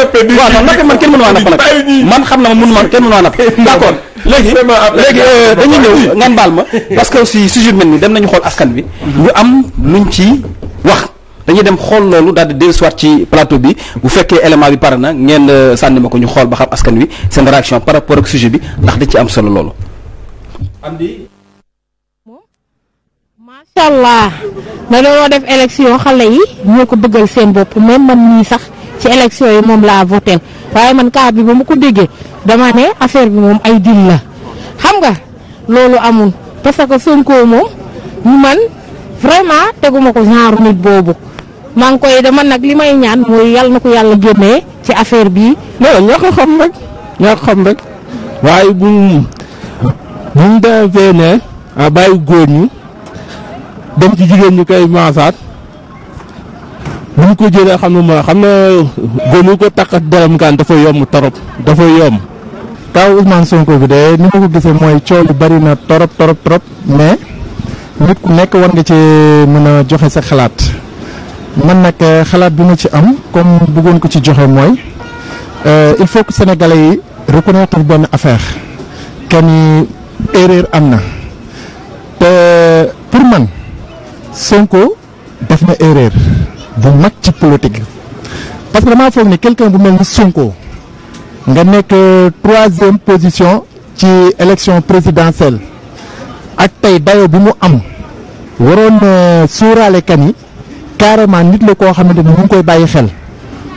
nappee di waaw non nappee man kenn mënu maa napp nag man xam na ma mënu ma kenn mënu maa napp d'accord léegi léegi euh, dañuy ñëw ngaan baal ma parce que aussi mel ni dem nañu xool askan bi mhm. ñu am luñ ci wax dañuy dem xool loolu daal di dellusiwaat ci plateau bi bu fekkee élément bi pare na ngeen euh, sànni ma ko ñu xool ba xam askan wi seen réaction par rapport ak sujet bi ndax da ci am solo loolu andi macha allah dañoo def élection xale yi ñoo ko bëggal seen bopp même man nii sax ci élection yi moom laa voté waaye man cas bi ba ma ko déggee dama ne affaire bi moom ay dil la xam nga loolu amul parce que Sonko moom man vraiment teguma ko genre nit boobu maa ngi koy dama nag li may ñaan mooy yàlla na ko yàlla génnee ci affaire bii. non ñoo ko xam rek ñoo ko xam rek waaye bu bu ñu demee ne ah, bàyyi góor ñi dem ci jigéen ñi koy maasaat. bu ñu ko jëlee xam ne ma xam na gënu ko takkat deram kan dafa yomb torop dafa yomb. kaw Ousmane Sonko bi de ni ma ko gisee mooy coow li bari na torop torop torop mais nit ku nekk war nga ci mën a joxe sa xalaat man nag eh, xalaat bi ma ci am comme buggoon ko ci joxe mooy eh, il faut que sénégalais yi reconnaître benn affaire kenn erreur am na te pour man Sonko def na erreur. bu mag ci politique parce que damaa foog ne quelqu'un bu mel ni Sonko nga nekk euh, troisième position ci élection présidentielle ak tey dayo bi mu am waroon euh, suuraale ka yi carrément nit la koo xamante ni mu ngi koy bàyyi xel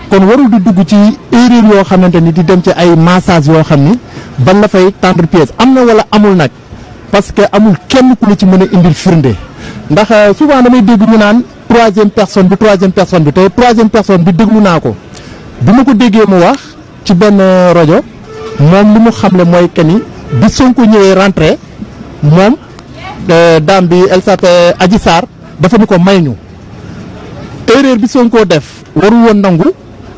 kon warul di dugg ci erreur yoo xamante ni di dem ci ay massage yoo xam ni ban na fay tendre pièce am na wala amul nag parce que amul kenn ku ci mën a indil firnde ndax euh, souvent damay dégg ñu naan troisième personne bi troisième personne bi te troisième personne bi déglu naa ko bi ma ko déggee mu wax ci benn rajo moom li mu xamle mooy que ni bi Sonko ñëwee rentré moom euh, dame bi elle s'appelle Adji Sarr ko may ñu erreur bi Sonko def waru woon nangu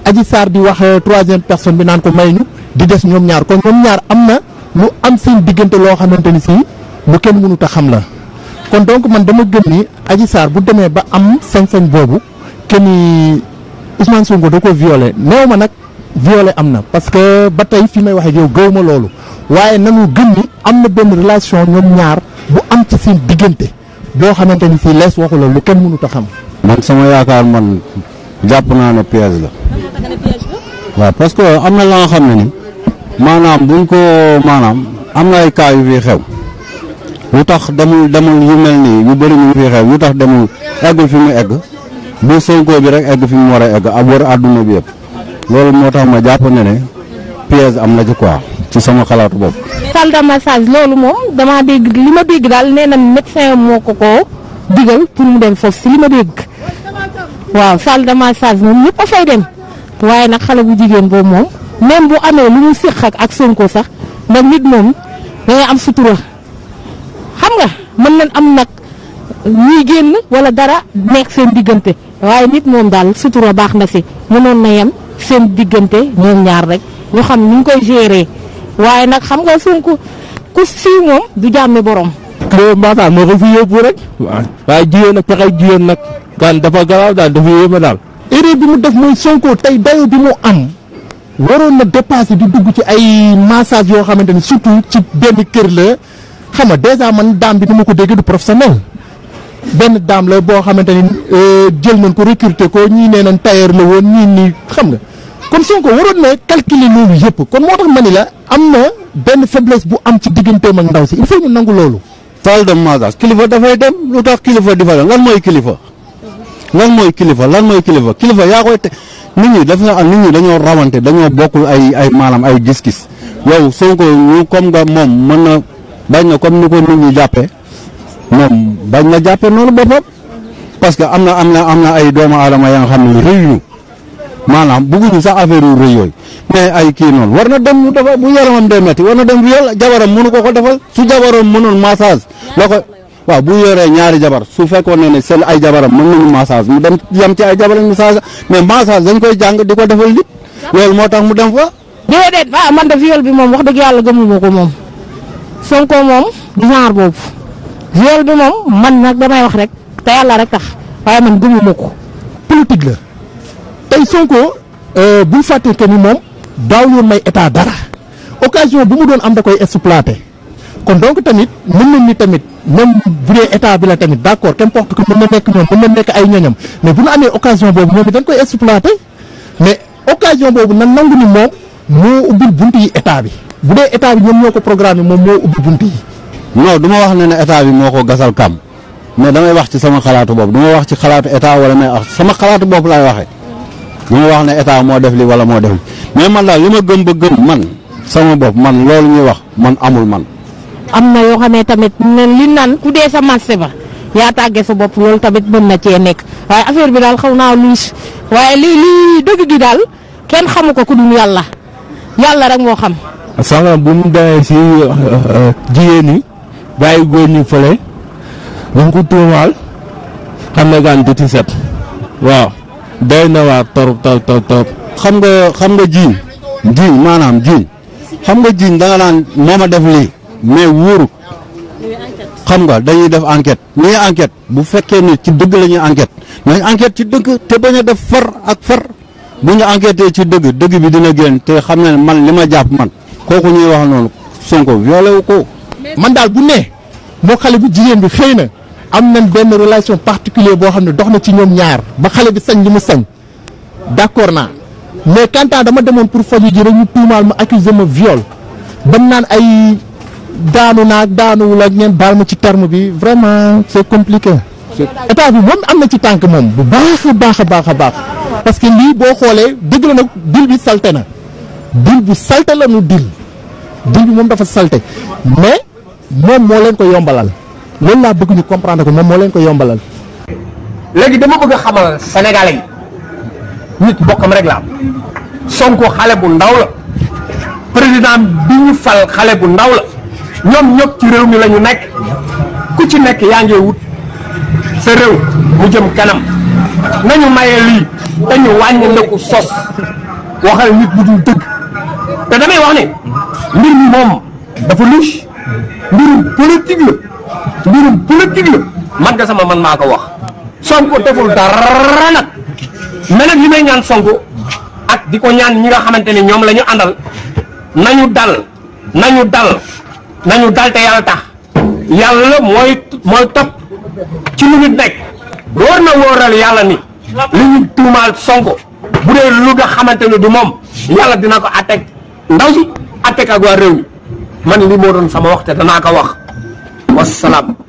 Adji Sarr di wax euh, troisième personne bi naan ko may ñu di des ñoom ñaar kon ñoom ñaar am na lu am seen diggante loo xamante ni si lu kenn mënut a xam la. kon donc man dama gën ni Adji Sarr bu demee ba am sañ-sañ boobu que ni Ousmane Sonko da ko violé néew ma nag violé am na parce que ba tey fi may waxee yow gëw ma loolu waaye nanu gëm ni am na benn relation ñoom ñaar bu am ci seen diggante boo xamante ni si lees waxu la lu kenn mënut a xam. man sama yaakaar man jàpp naa ne piège la. waaw parce que am na la nga xam ne ni maanaam buñ ko maanaam am na ay cas yu fi xew. lu tax demul demul yu mel nii yu bëri ñu fi xew lu tax demul eggul fi mu egg bu Sonko bi rek egg fi mu war a egg ab wër àdduna bi yëpp loolu moo tax ma jàpp ne ne piège am na ci quoi ci sama xalaatu bopp. salle de massage loolu moom damaa dégg dégg daal nee na médecin ko ko pour mu dem foofu si ma dégg waaw salle moom ñëpp a fay dem waaye jigéen boobu moom même bu ak Sonko sax ndax nit moom dangay am sutura. xam nga mën nañ am nag ñuy génn wala dara nekk seen diggante waaye nit moom daal sutura baax na si mënoon na yem seen diggante ñoom ñaar rek ñu xam ni ñu koy gérer waaye nag xam nga suñ ko ku sii moom du jàmme borom. loolu mbaataan moo ko fi yóbbu rek. waaye jigéen ak pexe jigéen nag. kan dafa garaaw daal dafa yéeme daal. erreur bi mu def muy Sonko tey dayo bi mu am. waroon na dépassé di dugg ci ay massage yoo xamante ni surtout ci benn kër la. xam nga dèjà man daam bi ni ma ko déggee du professionnel benn daam la boo xamante ni euh, jël nañ ko recruter ko ñii nee nañ tailleur la woon ñii nii xam nga kon Sonko waroon na calculer loolu yëpp kon moo tax ma ni la am na benn faiblesse bu am ci digganteem ak ndaw si il faut ñu nangu loolu. Sall dem Maasas kilifa dafay dem lu tax kilifa di fa dem lan mooy kilifa. lan mooy kilifa lan mooy kilifa kilifa yaa koy te nit ñi daf na am nit ñi dañoo rawante dañoo bokkul ay ay maanaam ay gis bañ na comme ni ko nit bañ na jàppee noonu boppam parce que am na am na am na ay doomu aadama ya nga xam ne rëyuñu maanaam bëgguñu sax affaire yu rëy yooyu mais ay kii noonu war na dem mu defar bu yaramam dee métti na dem viol jabaram mënu ko ko defal su jabaram mënoon massage la ko waaw bu yoree ñaari jabar su fekkoon ne ne seen ay jabaram mën nañu massage mu dem yem ci ay jabaram massage mais massage dañ koy jàng di ko defal nit loolu moo tax mu dem fa. déedéet ah man de viol bi moom wax dëgg yàlla gëmuma ko moom. Sonko moom du genre boobu viol bi moom man nag damay wax rek te yàlla rek tax waaye man gëmuma ko. politique la tey Sonko euh, bu ñu fàtte que ni moom daaw ñu may état dara occasion bu mu doon am da koy exploité kon donc tamit mun nañ ni tamit même bu dee état bi la tamit d' accord na nekk ñoom mën na nekk ay ñoñam mais bu ñu amee occasion boobu moom it dañ koy exploité mais occasion boobu nan nangu ni moom moo ubbil buntu yi état bi. bu dee état bi ñoom ñoo ko programme moom moo ubbi bunt yi. non du wax ne ne état bi moo ko gasal kam mais damay wax ci sama xalaatu bopp du wax ci xalaatu état wala may wax sama xalaatu bopp laay waxee. du wax ne état moo def li wala moo def li mais man daal li ma gëm ba gëm man sama bopp man loolu ñuy wax man amul man. am na yoo xam ne tamit li nan ku dee sa marché ba yaa tàggee sa bopp loolu tamit mën na cee nekk waaye affaire bi daal xaw naa luus waaye li gi daal kenn xamu ko ku yàlla yàlla rek moo xam. sangam bu mu demee si euh, jigéen ñi bàyyi góor ñi fële dañ ko tuumaal xam ne gaan set waaw doy na waar xam nga xam nga jiiñ jiiñ maanaam jiiñ xam nga jiiñ da nga naan moom a def lii mais wóoru xam nga dañuy def enquête ñuy enquête bu fekkee ni ci dëgg lañuy ñuy enquête nañ ci dëgg te ba a def far ak far bu ñu enquêté ci dëgg dëgg bi dina génn te xam ne man li ma jàpp man kooku ñuy wax noonu Sonko violé wu ko. man daal bu ne moo xale bu jigéen bi xëy na am nañ benn relation particulière boo xam ne dox na ci ñoom ñaar ba xale bi sañ li mu sañ d'accord naa mais kantaan dama demoon pour faju ji rek ñu tuumaal ma accuser ma viol ba naan ay daanu naag daanuwul ak ngeen daal ma ci terme bi vraiment c'est compliqué. état bi moom am na ci tànk moom bu baax a baax a baax a baax parce que lii boo xoolee dëgg la nag dil bi salte na. dil bu salte la nu dil dil bi moom dafa salte mais moom moo leen ko yombalal loolu laa bëgg ñu comprendre ko moom moo leen ko yombalal. léegi dama bëgg a xamal sénégalais yi nit bokkam rek la am Sonko xale bu ndaw la président bi ñu fal ndaw la ñoom ñëpp ci réew mi lañu nekk ku ci nekk yaa ngi wut sa réew mu jëm kanam nañu maye lii dañu wàññi ndëkku sos waxal nit bu dul dëgg. te damay wax ne mbir mi moom dafa louche mbirum politique la mbirum politique la man nga sama man maa ko wax Sonko deful dara nag mais nag li may ñaan Sonko ak di ko ñaan ñi nga xamante ni ñoom lañu ñu àndal nañu dal nañu dal nañu dal te yàlla tax yàlla mooy mooy topp ci mu ñu nekk wóor na wóoral yàlla ni li ñu tuumaal Sonko bu lu nga xamante ne du moom yàlla dina ko àtteeg ndaw si àtteeg ak waa réew mi man li moo doon sama wax te danaa ko wax wasalaam.